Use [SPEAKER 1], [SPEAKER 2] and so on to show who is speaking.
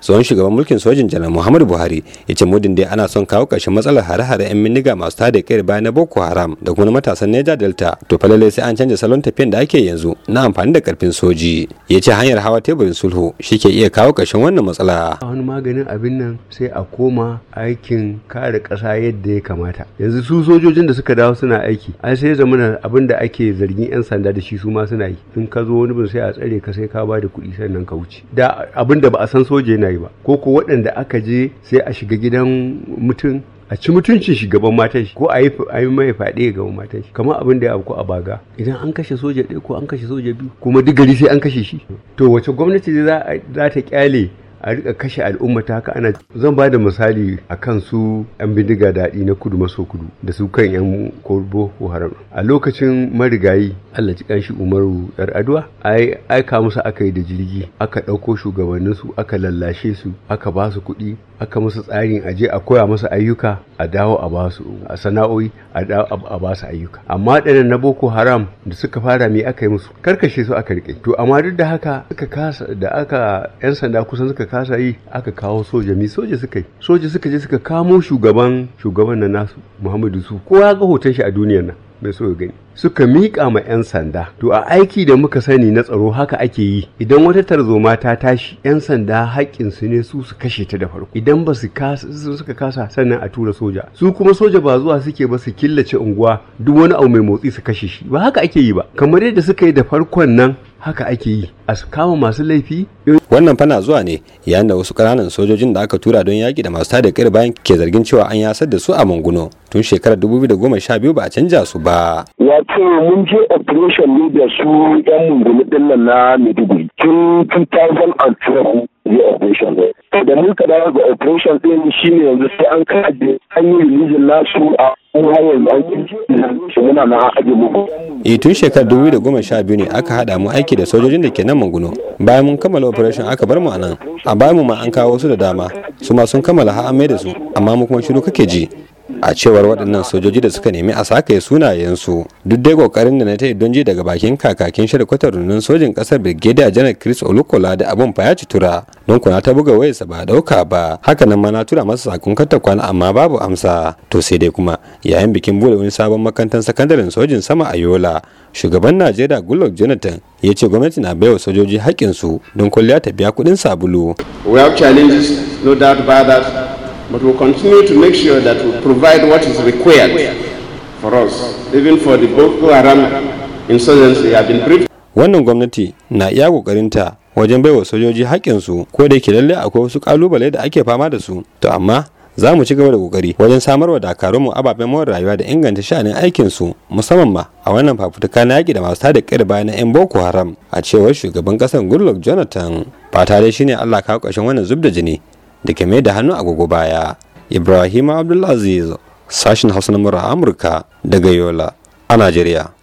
[SPEAKER 1] tsohon shugaban mulkin sojin janar muhammadu buhari ya ce mudin dai ana son kawo ƙarshen matsalar hare-hare 'yan mindiga masu tada kai baya na boko haram da kuma matasan neja delta to falele sai an canza salon tafiyan da ake yanzu na amfani da karfin soji ya ce hanyar hawa teburin sulhu shi ke iya kawo ƙarshen wannan matsala
[SPEAKER 2] wani maganin abin nan sai a koma aikin kare ƙasa yadda ya kamata yanzu su sojojin da suka dawo suna aiki ai sai zamana abin da ake zargin 'yan sanda da shi su ma suna yi in ka zo wani bin sai a tsare ka sai ka ba da kuɗi sannan ka wuce da abin da ba a san soje na yi ba ko ko waɗanda aka je sai a shiga gidan mutum a ci mutuncin shi gaban matan shi ko a yi mai faɗe gaban matan shi kamar abin da ya abu a baga idan an kashe soja ɗaya ko an kashe soja biyu kuma duk sai an kashe shi to wace gwamnati za ta kyale a rika kashe al'umma ta haka ana zan ba da misali a kan su yan bindiga daɗi na kudu maso kudu da su kan yan korbo haram a lokacin marigayi allah ji kanshi umaru yar adwa ai aika musu aka yi da jirgi aka ɗauko shugabanninsu? aka lallashe su aka ba su kuɗi aka musu tsarin aje a koya musu ayyuka a dawo a ba su sana'o'i a dawo a ba su ayyuka amma ɗanan na boko haram da suka fara me aka yi musu karkashe su aka rike to amma duk da haka suka kasa da aka yan sanda kusan suka kasa yi aka kawo soja mi soja suka yi soja suka je suka kamo shugaban shugaban na nasu muhammadu su kowa ga hoton shi a duniyar nan bai so gani suka miƙa ma 'yan sanda to a aiki da muka sani na tsaro haka ake yi idan wata tarzoma ta tashi 'yan sanda haƙƙinsu ne su su kashe ta da farko idan ba su suka kasa sannan a tura soja su kuma soja ba zuwa suke ba su killace unguwa duk wani abu mai motsi su kashe shi ba haka ake yi ba kamar yadda suka yi da farkon nan haka ake yi a su kama masu laifi
[SPEAKER 1] wannan fana zuwa ne yayin da wasu ƙananan sojojin da aka tura don yaƙi da masu tada kiri bayan ke zargin cewa an yasar da su a manguno tun shekarar 2012 ba a canja su ba wato mun je operation ne su yan mungunu dinnan na maiduguri tun 2012 yi operation din da muka dawo ga operation din shine yanzu sai an kaje an yi releasing nasu a E tun shekarar biyu ne aka haɗa mu aiki da sojojin da ke nan mangunu Bayan mun kammala operation aka bar mu a nan. A bayan mu ma an kawo su da dama. Su ma sun kammala ha'an mai da su. Amma mu kuma shiru kake ji. a cewar waɗannan sojoji da suka nemi a sakaye sunayensu duk dai kokarin da na ta don ji daga bakin kakakin shirkwatar rundunar sojin ƙasar brigadier janar chris olukola da abin fa ya tura don kuna ta buga wayarsa ba ɗauka ba hakanan ma na tura masa sakon karta kwana amma babu amsa to sai dai kuma yayin bikin bude wani sabon makarantar sakandaren sojin sama a yola shugaban najeriya goodluck jonathan ya ce gwamnati na baiwa sojoji haƙƙinsu don kwalliya ta biya kuɗin sabulu we have
[SPEAKER 2] challenges no doubt about that But we'll continue to make sure that we provide what is required for us, even for the Boko Haram insurgents been briefed.
[SPEAKER 1] Wannan gwamnati na iya ƙoƙarinta wajen baiwa sojoji haƙƙinsu ko da yake lallai akwai wasu ƙalubale da ake fama da su, to amma za mu ci gaba da kokari wajen samarwa dakarunmu ababen more rayuwa da inganta sha'anin aikinsu musamman ma a wannan fafutuka na yaƙi da masu tada ƙir bayan na 'yan boko haram a cewar shugaban ƙasar goodluck jonathan fata dai ne allah kawo ƙarshen wannan zub da jini da ke mai da hannu agogo baya ibrahim abdulaziz sashen hausa na amurka daga yola a najeriya